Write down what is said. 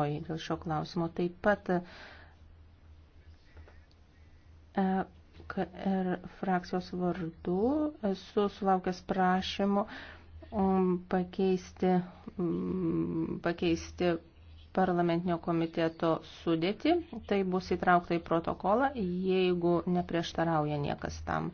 Oi, dėl šio klausimo taip pat ir e, frakcijos vardu esu sulaukęs prašymo um, pakeisti, um, pakeisti parlamentinio komiteto sudėtį. Tai bus įtraukta į protokolą, jeigu neprieštarauja niekas tam.